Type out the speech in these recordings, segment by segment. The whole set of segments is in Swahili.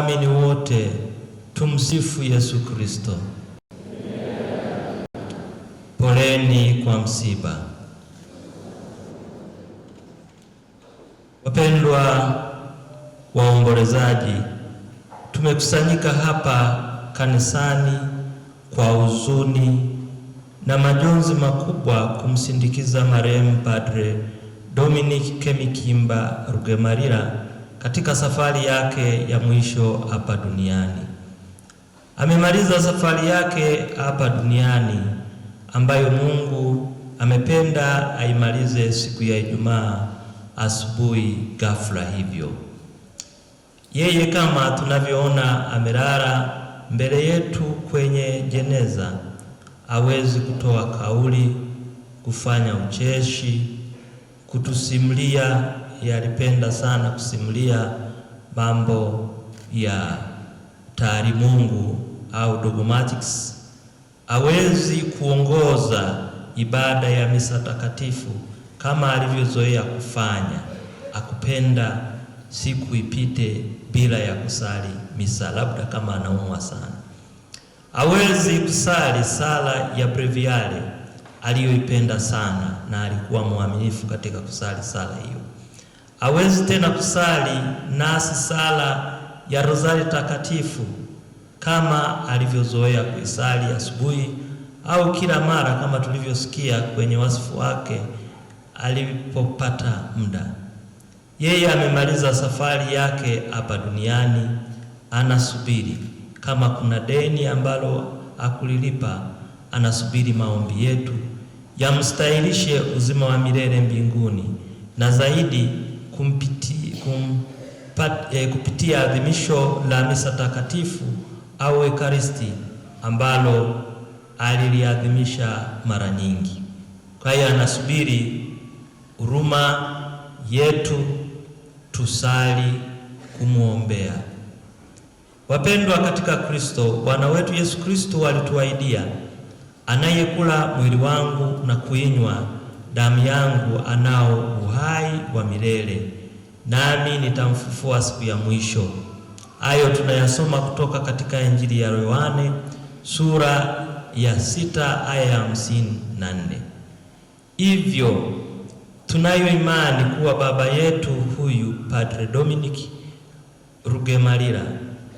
waamini wote. Tumsifu Yesu Kristo. Poleni kwa msiba. Wapendwa waombolezaji, tumekusanyika hapa kanisani kwa huzuni na majonzi makubwa kumsindikiza marehemu Padre Dominic Kemikimba Rugemalira katika safari yake ya mwisho hapa duniani. Amemaliza safari yake hapa duniani ambayo Mungu amependa aimalize siku ya Ijumaa asubuhi ghafla hivyo. Yeye kama tunavyoona amelala mbele yetu kwenye jeneza, hawezi kutoa kauli, kufanya ucheshi, kutusimulia yalipenda sana kusimulia mambo ya taalimungu au dogmatics. Hawezi kuongoza ibada ya misa takatifu kama alivyozoea kufanya. Akupenda siku ipite bila ya kusali misa, labda kama anaumwa sana. Hawezi kusali sala ya breviale aliyoipenda sana, na alikuwa mwaminifu katika kusali sala hiyo hawezi tena kusali nasi sala ya rozari takatifu kama alivyozoea kuisali asubuhi au kila mara, kama tulivyosikia kwenye wasifu wake alipopata muda. Yeye amemaliza safari yake hapa duniani, anasubiri kama kuna deni ambalo akulilipa, anasubiri maombi yetu yamstahilishe uzima wa milele mbinguni na zaidi kumpiti, kumpat, eh, kupitia adhimisho la misa takatifu au ekaristi ambalo aliliadhimisha mara nyingi. Kwa hiyo anasubiri huruma yetu tusali kumwombea. Wapendwa katika Kristo, Bwana wetu Yesu Kristo alituahidia, anayekula mwili wangu na kuinywa damu yangu anao uhai wa milele, nami nitamfufua siku ya mwisho. Hayo tunayasoma kutoka katika Injili ya Yohane sura ya sita aya ya hamsini na nne. Hivyo tunayo imani kuwa baba yetu huyu Padre Dominic Rugemalira,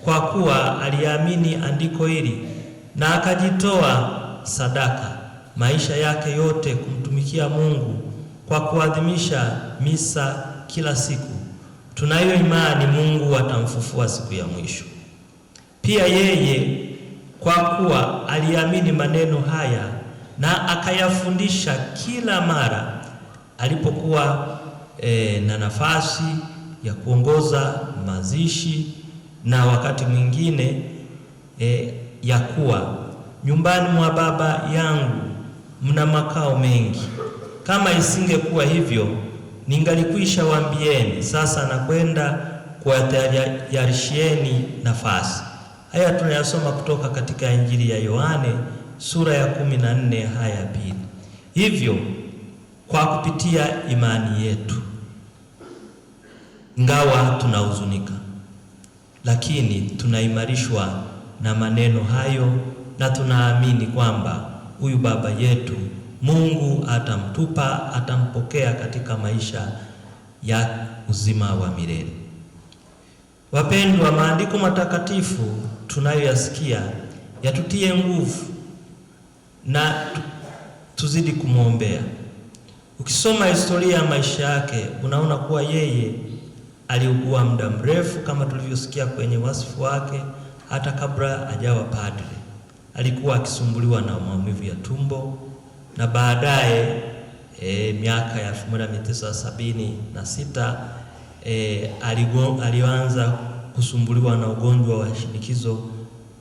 kwa kuwa aliamini andiko hili na akajitoa sadaka maisha yake yote kumtumikia Mungu kwa kuadhimisha misa kila siku. Tunayo imani Mungu atamfufua siku ya mwisho. Pia yeye kwa kuwa aliamini maneno haya na akayafundisha kila mara alipokuwa e, na nafasi ya kuongoza mazishi na wakati mwingine e, ya kuwa nyumbani mwa Baba yangu mna makao mengi. Kama isingekuwa hivyo, ningalikwisha waambieni. Sasa nakwenda kuwatayarishieni nafasi. Haya tunayasoma kutoka katika Injili ya Yohane sura ya kumi na nne haya ya pili. Hivyo kwa kupitia imani yetu, ingawa tunahuzunika, lakini tunaimarishwa na maneno hayo na tunaamini kwamba huyu baba yetu, Mungu atamtupa, atampokea katika maisha ya uzima wa milele. Wapendwa, maandiko matakatifu tunayoyasikia yatutie nguvu na tuzidi kumwombea. Ukisoma historia ya maisha yake unaona kuwa yeye aliugua muda mrefu kama tulivyosikia kwenye wasifu wake, hata kabla ajawa padre alikuwa akisumbuliwa na maumivu ya tumbo na baadaye e, miaka ya 1976 e, alianza kusumbuliwa na ugonjwa wa shinikizo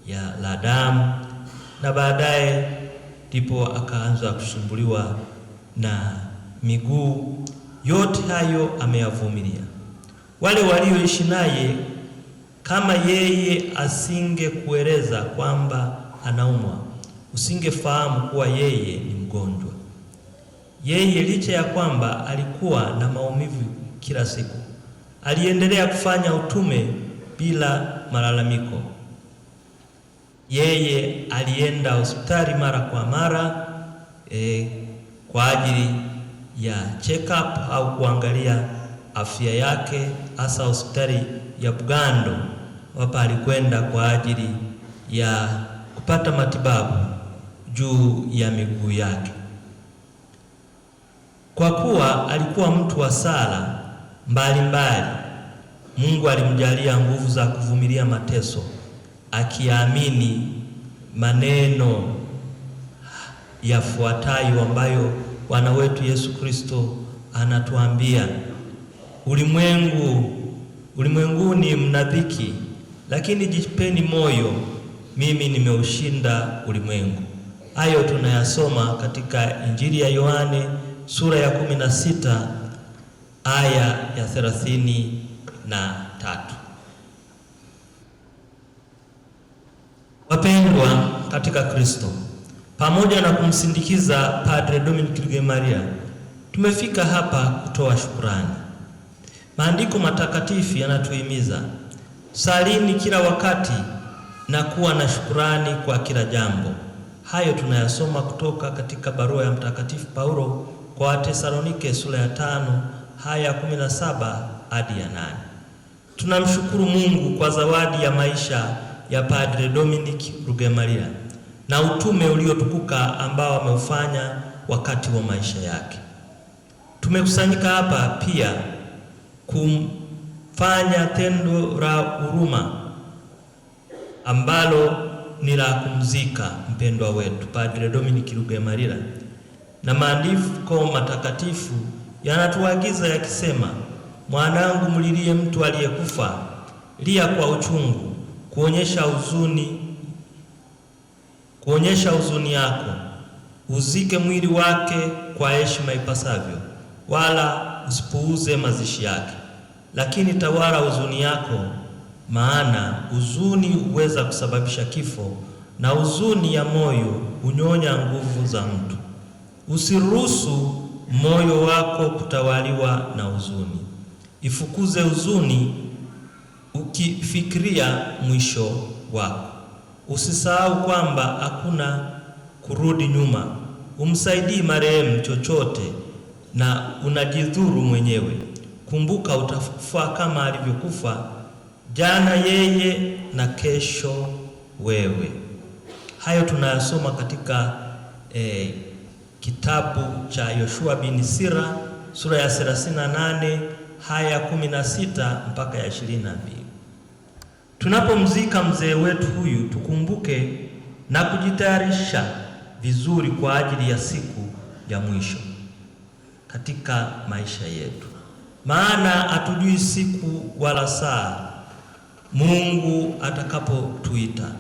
ya la damu na baadaye ndipo akaanza kusumbuliwa na miguu. Yote hayo ameyavumilia. Wale walioishi naye, kama yeye asingekueleza kwamba anaumwa, usingefahamu kuwa yeye ni mgonjwa. Yeye licha ya kwamba alikuwa na maumivu kila siku, aliendelea kufanya utume bila malalamiko. Yeye alienda hospitali mara kwa mara e, kwa ajili ya check up au kuangalia afya yake, hasa hospitali ya Bugando. Hapa alikwenda kwa ajili ya kupata matibabu juu ya miguu yake. Kwa kuwa alikuwa mtu wa sala mbalimbali, Mungu alimjalia nguvu za kuvumilia mateso, akiamini maneno yafuatayo ambayo Bwana wetu Yesu Kristo anatuambia, ulimwengu ulimwenguni mna dhiki, lakini jipeni moyo mimi nimeushinda ulimwengu. Hayo tunayasoma katika Injili ya Yohane sura ya 16 aya ya thelathini na tatu. Wapendwa katika Kristo, pamoja na kumsindikiza Padre Dominic maria tumefika hapa kutoa shukurani. Maandiko matakatifu yanatuhimiza salini kila wakati na kuwa na shukurani kwa kila jambo. Hayo tunayasoma kutoka katika barua ya Mtakatifu Paulo kwa Watesalonike sura ya tano haya ya kumi na saba hadi ya nane. Tunamshukuru Mungu kwa zawadi ya maisha ya Padre Dominic Rugemaria na utume uliotukuka ambao ameufanya wakati wa maisha yake. Tumekusanyika hapa pia kumfanya tendo la huruma ambalo ni la kumzika mpendwa wetu Padre Dominic Lugemalira, na maandiko matakatifu yanatuagiza yakisema, mwanangu, mlilie mtu aliyekufa, lia kwa uchungu, kuonyesha huzuni kuonyesha huzuni yako, uzike mwili wake kwa heshima ipasavyo, wala usipuuze mazishi yake, lakini tawala huzuni yako maana huzuni huweza kusababisha kifo, na huzuni ya moyo hunyonya nguvu za mtu. Usiruhusu moyo wako kutawaliwa na huzuni. Ifukuze huzuni ukifikiria mwisho wako. Usisahau kwamba hakuna kurudi nyuma. Umsaidii marehemu chochote na unajidhuru mwenyewe. Kumbuka, utafaa kama alivyokufa jana yeye na kesho wewe. Hayo tunayasoma katika eh, kitabu cha Yoshua bin Sira sura ya 38 haya 16 mpaka ya 22. Tunapomzika mzee wetu huyu tukumbuke na kujitayarisha vizuri kwa ajili ya siku ya mwisho katika maisha yetu, maana hatujui siku wala saa Mungu atakapotuita.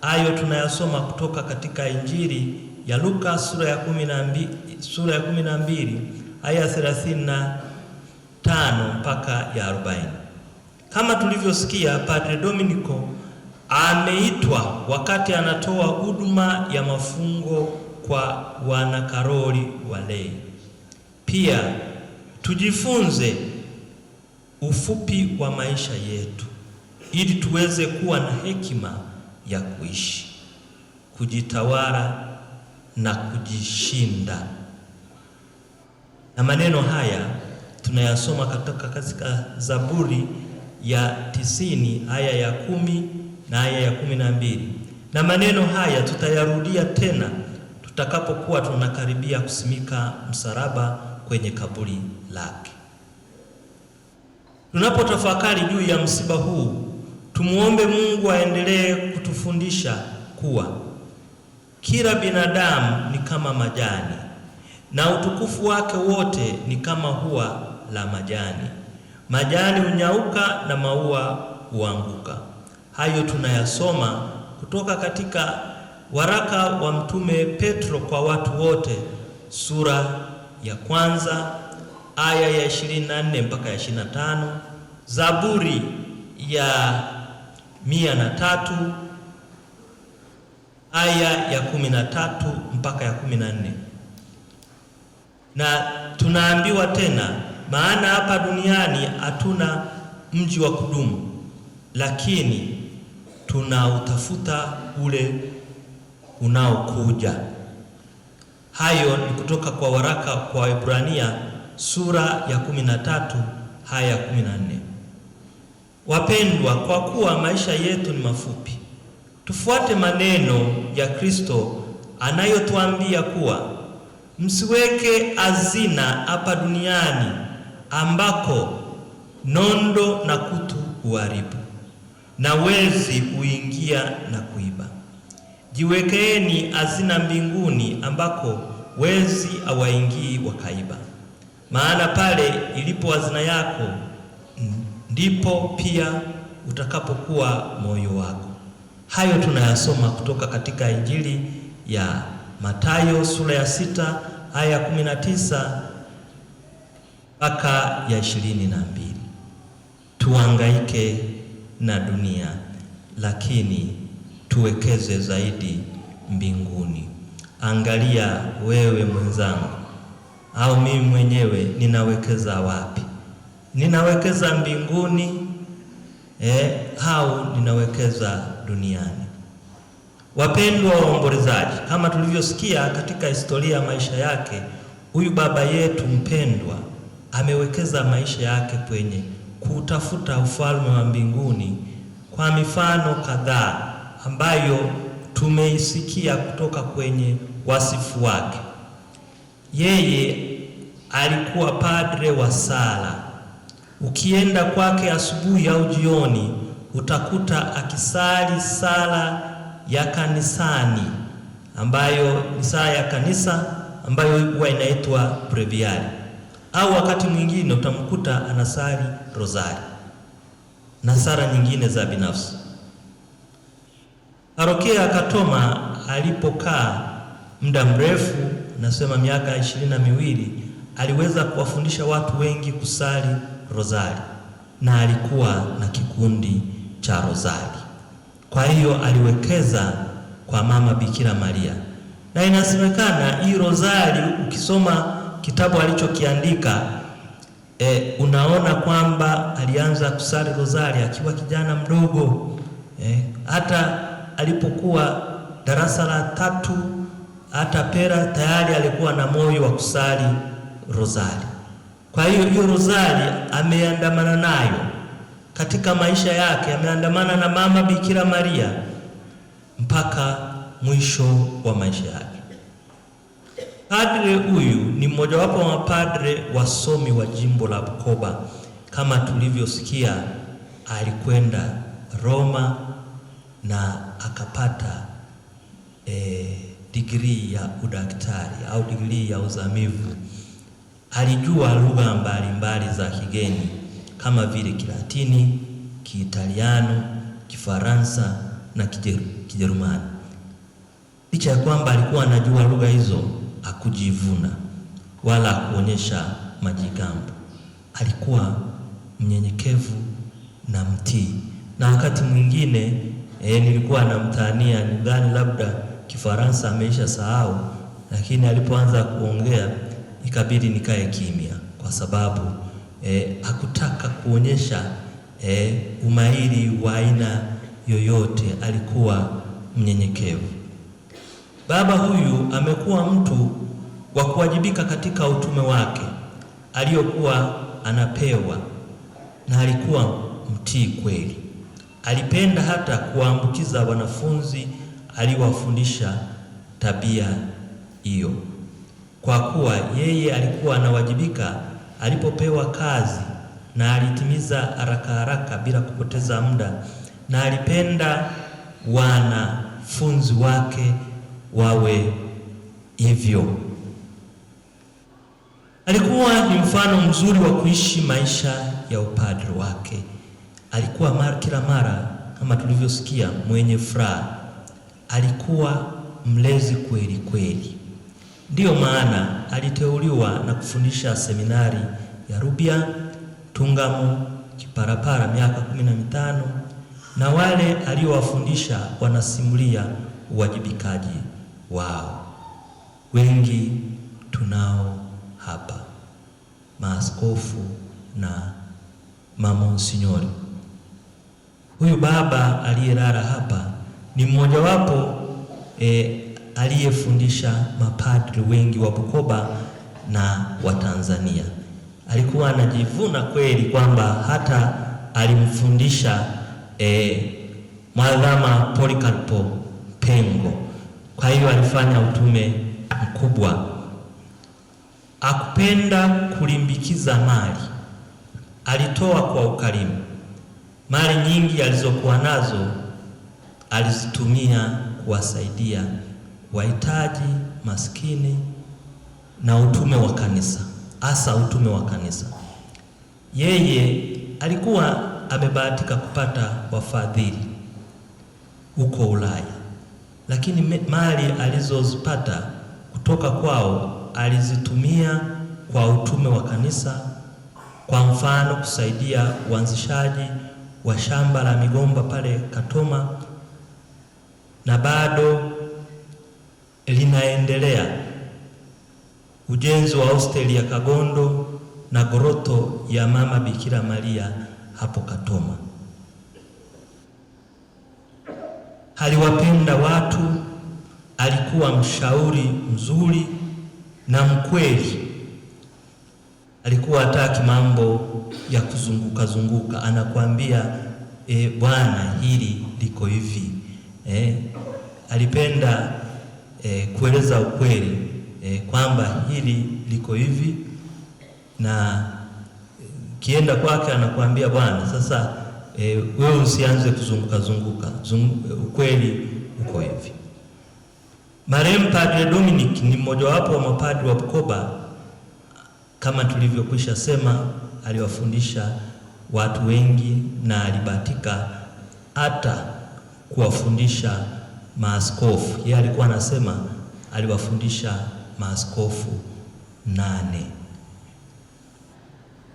Hayo tunayasoma kutoka katika Injili ya Luka sura ya 12 sura ya 12 aya 35 mpaka ya 40. Kama tulivyosikia, Padre Dominico ameitwa wakati anatoa huduma ya mafungo kwa wanakaroli walei. Pia tujifunze ufupi wa maisha yetu ili tuweze kuwa na hekima ya kuishi, kujitawala na kujishinda. Na maneno haya tunayasoma katika katika Zaburi ya tisini aya ya kumi na aya ya kumi na mbili na maneno haya tutayarudia tena tutakapokuwa tunakaribia kusimika msalaba kwenye kaburi lake. Tunapotafakari juu ya msiba huu Tumuombe Mungu aendelee kutufundisha kuwa kila binadamu ni kama majani na utukufu wake wote ni kama hua la majani. Majani hunyauka na maua huanguka. Hayo tunayasoma kutoka katika waraka wa Mtume Petro kwa watu wote sura ya kwanza aya ya 24 mpaka ya 25, Zaburi ya mia na tatu aya ya kumi na tatu mpaka ya kumi na nne na tunaambiwa tena, maana hapa duniani hatuna mji wa kudumu, lakini tunautafuta ule unaokuja. Hayo ni kutoka kwa waraka kwa Waebrania sura ya kumi na tatu haya ya kumi na nne. Wapendwa, kwa kuwa maisha yetu ni mafupi, tufuate maneno ya Kristo anayotuambia kuwa msiweke hazina hapa duniani ambako nondo na kutu huharibu na wezi huingia na kuiba. Jiwekeeni hazina mbinguni ambako wezi hawaingii wakaiba, maana pale ilipo hazina yako ndipo pia utakapokuwa moyo wako. Hayo tunayasoma kutoka katika Injili ya Mathayo sura ya sita aya kumi na tisa mpaka ya ishirini na mbili. tuangaike na dunia lakini tuwekeze zaidi mbinguni. Angalia wewe mwenzangu, au mimi mwenyewe ninawekeza wapi? ninawekeza mbinguni eh, au ninawekeza duniani? Wapendwa waombolezaji, kama tulivyosikia katika historia ya maisha yake, huyu baba yetu mpendwa amewekeza maisha yake kwenye kutafuta ufalme wa mbinguni kwa mifano kadhaa ambayo tumeisikia kutoka kwenye wasifu wake. Yeye alikuwa padre wa sala Ukienda kwake asubuhi au jioni, utakuta akisali sala ya kanisani, ambayo ni sala ya kanisa ambayo huwa inaitwa breviary, au wakati mwingine utamkuta anasali rosari na sala nyingine za binafsi. Parokia Katoma alipokaa muda mrefu, nasema miaka ishirini na miwili, aliweza kuwafundisha watu wengi kusali Rozari na alikuwa na kikundi cha Rozari. Kwa hiyo aliwekeza kwa mama Bikira Maria, na inasemekana hii Rozari ukisoma kitabu alichokiandika e, unaona kwamba alianza kusali Rozari akiwa kijana mdogo e, hata alipokuwa darasa la tatu hata pera tayari alikuwa na moyo wa kusali Rozari. Kwa hiyo hiyo rozari ameandamana nayo katika maisha yake, ameandamana na mama Bikira Maria mpaka mwisho wa maisha yake. Padre huyu ni mmojawapo wa padre wasomi wa jimbo la Bukoba. Kama tulivyosikia, alikwenda Roma na akapata eh, digrii ya udaktari au digrii ya uzamivu. Alijua lugha mbalimbali za kigeni kama vile Kilatini, Kiitaliano, Kifaransa na Kijerumani. Licha ya kwamba alikuwa anajua lugha hizo, akujivuna wala kuonyesha majigambo. Alikuwa mnyenyekevu na mtii, na wakati mwingine e, nilikuwa namtania, gani labda Kifaransa ameisha sahau, lakini alipoanza kuongea ikabidi nikae kimya kwa sababu eh, hakutaka kuonyesha eh, umahiri wa aina yoyote. Alikuwa mnyenyekevu. Baba huyu amekuwa mtu wa kuwajibika katika utume wake aliyokuwa anapewa, na alikuwa mtii kweli. Alipenda hata kuwaambukiza wanafunzi aliwafundisha tabia hiyo kwa kuwa yeye alikuwa anawajibika alipopewa kazi na alitimiza haraka haraka bila kupoteza muda, na alipenda wanafunzi wake wawe hivyo. Alikuwa ni mfano mzuri wa kuishi maisha ya upadri wake. Alikuwa mara kila mara kama tulivyosikia mwenye furaha. Alikuwa mlezi kweli kweli. Ndiyo maana aliteuliwa na kufundisha seminari ya Rubya, Tungamu, Kiparapara miaka kumi na mitano na wale aliowafundisha wanasimulia uwajibikaji wao. Wengi tunao hapa, maaskofu na mamonsinyori. Huyu baba aliyelala hapa ni mmojawapo e, aliyefundisha mapadri wengi wa Bukoba na wa Tanzania. Alikuwa anajivuna kweli kwamba hata alimfundisha eh, mwadhama Polikarpo Pengo. Kwa hiyo alifanya utume mkubwa, akupenda kulimbikiza mali, alitoa kwa ukarimu. Mali nyingi alizokuwa nazo alizitumia kuwasaidia wahitaji, maskini na utume wa kanisa, hasa utume wa kanisa. Yeye alikuwa amebahatika kupata wafadhili huko Ulaya, lakini mali alizozipata kutoka kwao alizitumia kwa utume wa kanisa, kwa mfano kusaidia uanzishaji wa shamba la migomba pale Katoma na bado linaendelea ujenzi wa hosteli ya Kagondo na goroto ya Mama Bikira Maria hapo Katoma. Aliwapenda watu, alikuwa mshauri mzuri na mkweli. Alikuwa hataki mambo ya kuzunguka zunguka, anakuambia e, bwana hili liko hivi e. Alipenda e, kueleza ukweli e, kwamba hili liko hivi, na kienda kwake anakuambia bwana, sasa e, wewe usianze kuzunguka zunguka zungu, ukweli uko hivi. Marehemu Padre Dominic ni mmojawapo wa mapadri wa Bukoba, kama tulivyokwisha sema, aliwafundisha watu wengi na alibahatika hata kuwafundisha maaskofu. Yeye alikuwa anasema aliwafundisha maaskofu nane,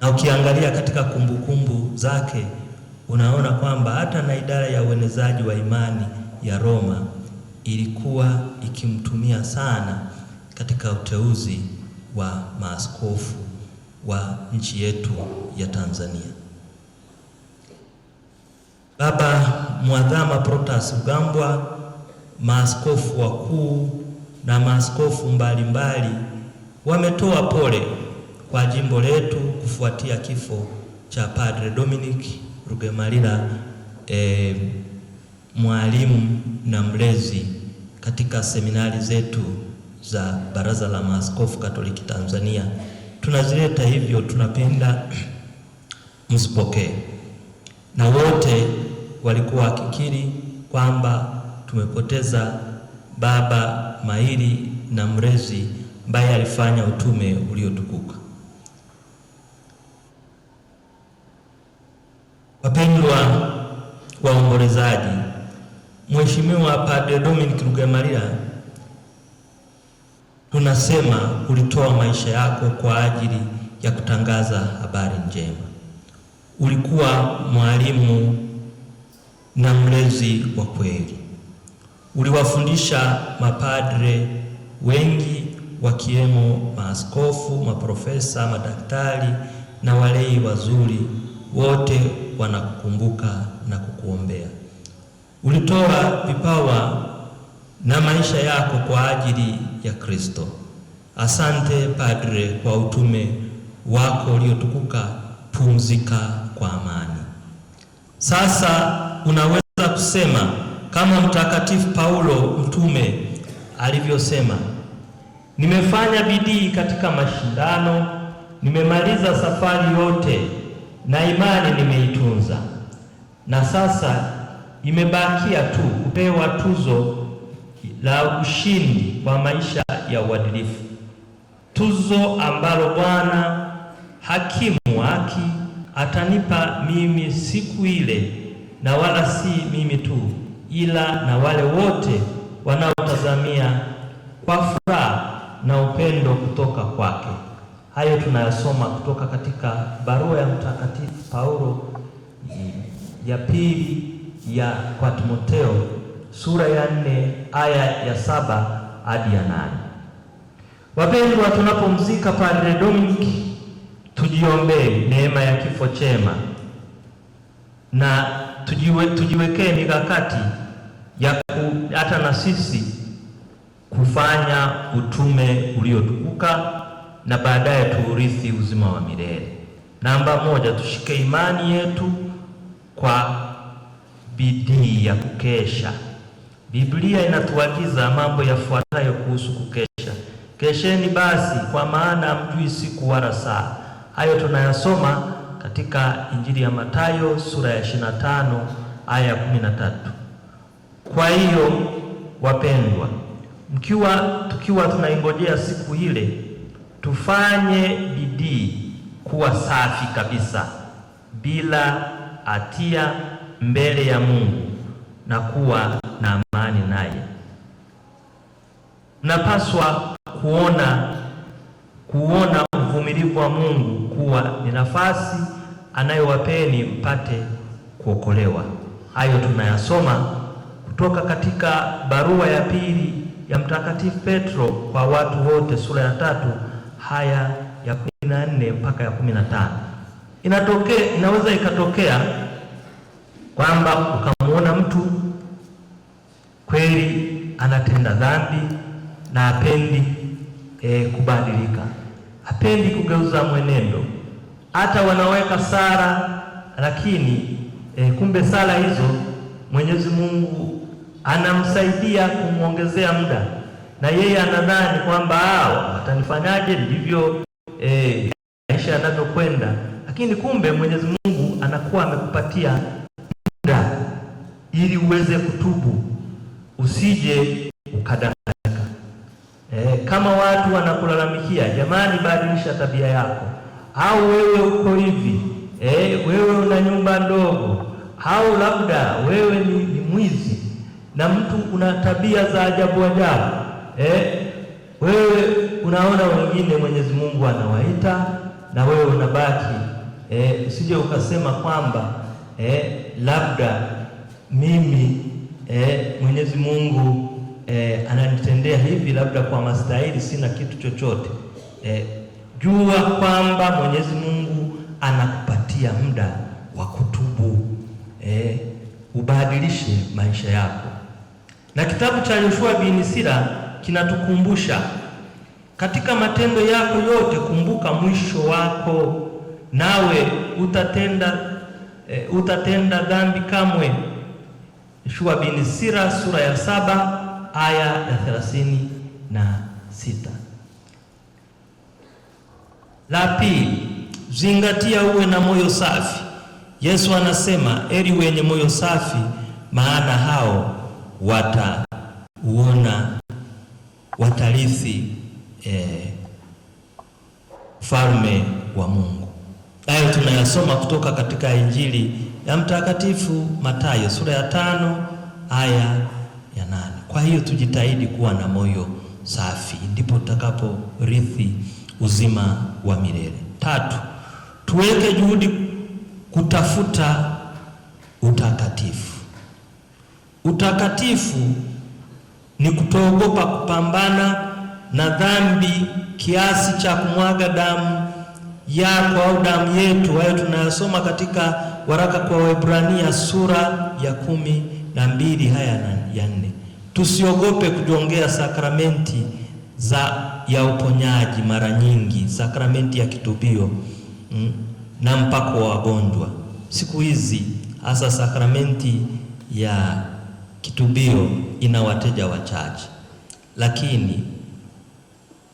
na ukiangalia katika kumbukumbu kumbu zake unaona kwamba hata na idara ya uenezaji wa imani ya Roma ilikuwa ikimtumia sana katika uteuzi wa maaskofu wa nchi yetu ya Tanzania. Baba Mwadhama Protas Rugambwa maaskofu wakuu na maaskofu mbalimbali wametoa pole kwa jimbo letu kufuatia kifo cha Padre Dominic Rugemalira e, mwalimu na mlezi katika seminari zetu za Baraza la Maaskofu Katoliki Tanzania. Tunazileta hivyo, tunapenda msipokee, na wote walikuwa wakikiri kwamba tumepoteza baba mahiri na mrezi ambaye alifanya utume uliotukuka. Wapendwa waombolezaji, Mheshimiwa Padre Dominic Rugemalira, tunasema ulitoa maisha yako kwa ajili ya kutangaza habari njema. Ulikuwa mwalimu na mlezi wa kweli uliwafundisha mapadre wengi wakiwemo maaskofu, maprofesa, madaktari na walei wazuri, wote wanakukumbuka na kukuombea. Ulitoa vipawa na maisha yako kwa ajili ya Kristo. Asante Padre kwa utume wako uliotukuka. Pumzika kwa amani. Sasa unaweza kusema kama Mtakatifu Paulo mtume alivyosema, nimefanya bidii katika mashindano, nimemaliza safari yote, na imani nimeitunza, na sasa imebakia tu kupewa tuzo la ushindi kwa maisha ya uadilifu, tuzo ambalo Bwana hakimu wa haki atanipa mimi siku ile, na wala si mimi tu ila na wale wote wanaotazamia kwa furaha na upendo kutoka kwake. Hayo tunayasoma kutoka katika barua ya Mtakatifu Paulo ya pili ya kwa Timotheo sura ya nne aya ya saba hadi ya nane. Wapendwa, tunapomzika Padre Dominic tujiombee neema ya kifo chema na tujiwe, tujiwekee mikakati ya hata na sisi kufanya utume uliotukuka na baadaye tuurithi uzima wa milele. Namba moja, tushike imani yetu kwa bidii ya kukesha. Biblia inatuagiza mambo yafuatayo kuhusu kukesha: kesheni basi, kwa maana mjui siku wala saa. Hayo tunayasoma katika Injili ya Mathayo sura ya 25 aya ya 13. Kwa hiyo wapendwa, mkiwa tukiwa tunaingojea siku ile, tufanye bidii kuwa safi kabisa bila hatia mbele ya Mungu na kuwa na amani naye. Napaswa kuona kuona uvumilivu wa Mungu kuwa ni nafasi anayowapeni mpate kuokolewa. Hayo tunayasoma kutoka katika barua ya pili ya Mtakatifu Petro kwa watu wote sura ya tatu haya ya kumi na nne mpaka ya kumi na tano. Inatokea, inaweza ikatokea kwamba ukamwona mtu kweli anatenda dhambi na apendi e, kubadilika, apendi kugeuza mwenendo, hata wanaweka sala lakini e, kumbe sala hizo Mwenyezi Mungu anamsaidia kumwongezea muda, na yeye anadhani kwamba hao ah, atanifanyaje, ndivyo eh, maisha yanavyokwenda. Lakini kumbe Mwenyezi Mungu anakuwa amekupatia muda ili uweze kutubu, usije ukadanganyika. E, kama watu wanakulalamikia, jamani, badilisha tabia yako, au wewe uko hivi e, wewe una nyumba ndogo, au labda wewe ni, ni mwizi na mtu una tabia za ajabu ajabu eh? Wewe unaona wengine Mwenyezi Mungu anawaita na wewe unabaki eh, usije ukasema kwamba eh, labda mimi eh, Mwenyezi Mungu eh, ananitendea hivi labda kwa mastahili, sina kitu chochote eh, jua kwamba Mwenyezi Mungu anakupatia muda wa kutubu eh, ubadilishe maisha yako. Na kitabu cha Yoshua bin Sira kinatukumbusha katika matendo yako yote kumbuka mwisho wako, nawe utatenda e, utatenda dhambi kamwe. Yoshua bin Sira sura ya saba aya ya thelathini na sita. La pili, zingatia uwe na moyo safi. Yesu anasema, eri wenye moyo safi, maana hao watauona, watarithi eh, wa Mungu. Hayo tunayasoma kutoka katika Injili ya Mtakatifu Mathayo sura ya tano aya ya nane. Kwa hiyo tujitahidi kuwa na moyo safi, ndipo tutakaporithi uzima wa milele. Tatu, tuweke juhudi kutafuta utakatifu. Utakatifu ni kutoogopa kupambana na dhambi kiasi cha kumwaga damu yako au damu yetu, hayo tunayosoma katika waraka kwa Waebrania sura ya kumi na mbili haya ya nne. Tusiogope kujongea sakramenti za ya uponyaji mara nyingi, sakramenti ya kitubio mm, na mpako wa wagonjwa siku hizi, hasa sakramenti ya Kitubio ina wateja wachache, lakini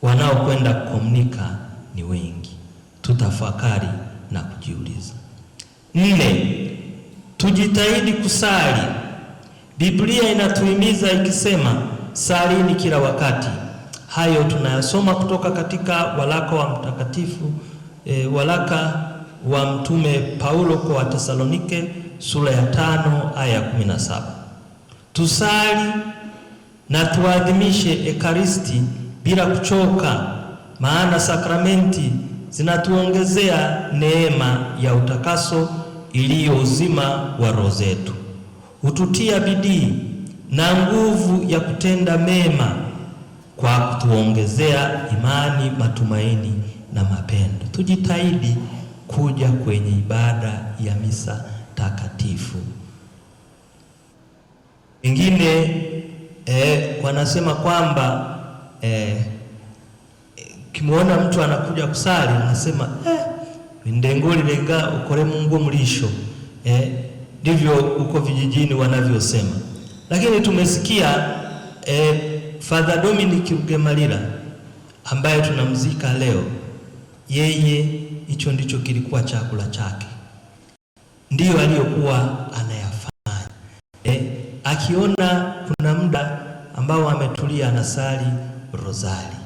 wanaokwenda kukomunika ni wengi. Tutafakari na kujiuliza. Nne, tujitahidi kusali. Biblia inatuhimiza ikisema, salini kila wakati. Hayo tunayasoma kutoka katika waraka wa mtakatifu e, waraka wa mtume Paulo kwa Watesalonike sura ya tano aya ya kumi na saba tusali na tuadhimishe Ekaristi bila kuchoka, maana sakramenti zinatuongezea neema ya utakaso iliyo uzima wa roho zetu, hututia bidii na nguvu ya kutenda mema kwa kutuongezea imani, matumaini na mapendo. Tujitahidi kuja kwenye ibada ya misa takatifu. Wengine eh, wanasema kwamba eh, kimuona mtu anakuja kusali anasema eh, ndengoli lenga ukore Mungu mlisho eh, ndivyo huko vijijini wanavyosema, lakini tumesikia eh, Father Dominic Rugemalira ambaye tunamzika leo, yeye hicho ndicho kilikuwa chakula chake, ndiyo aliyokuwa ana akiona kuna muda ambao ametulia anasali rozari,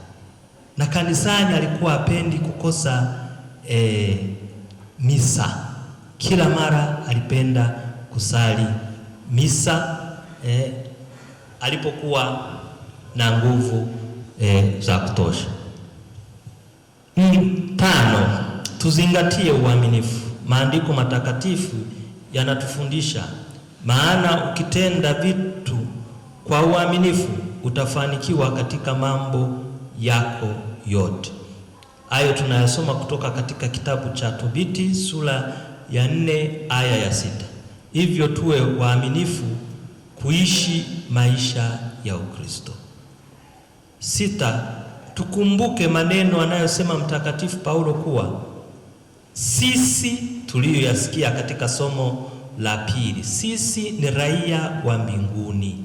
na kanisani alikuwa apendi kukosa e, misa. Kila mara alipenda kusali misa e, alipokuwa na nguvu e, za kutosha. Tano, tuzingatie uaminifu. Maandiko matakatifu yanatufundisha maana ukitenda vitu kwa uaminifu utafanikiwa katika mambo yako yote. Hayo tunayasoma kutoka katika kitabu cha Tobiti sura ya nne aya ya sita. Hivyo tuwe waaminifu kuishi maisha ya Ukristo. Sita, tukumbuke maneno anayosema Mtakatifu Paulo kuwa sisi tuliyoyasikia katika somo la pili, sisi ni raia wa mbinguni,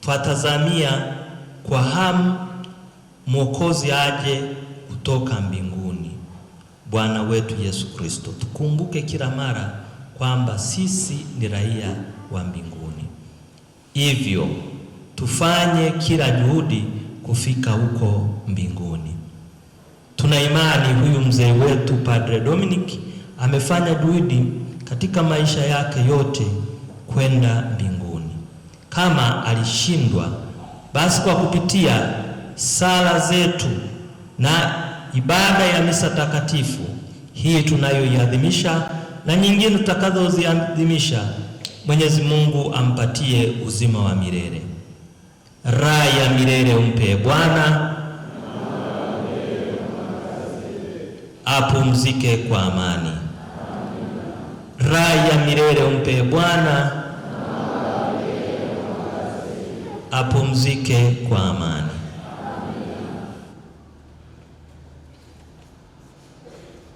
twatazamia kwa hamu mwokozi aje kutoka mbinguni, Bwana wetu Yesu Kristo. Tukumbuke kila mara kwamba sisi ni raia wa mbinguni, hivyo tufanye kila juhudi kufika huko mbinguni. Tuna imani huyu mzee wetu Padre Dominic amefanya juhudi katika maisha yake yote kwenda mbinguni. Kama alishindwa, basi kwa kupitia sala zetu na ibada ya misa takatifu hii tunayoiadhimisha na nyingine tutakazoziadhimisha, Mwenyezi Mungu ampatie uzima wa milele, raha ya milele umpe Bwana, apumzike kwa amani raha ya milele umpe Bwana apumzike kwa amani.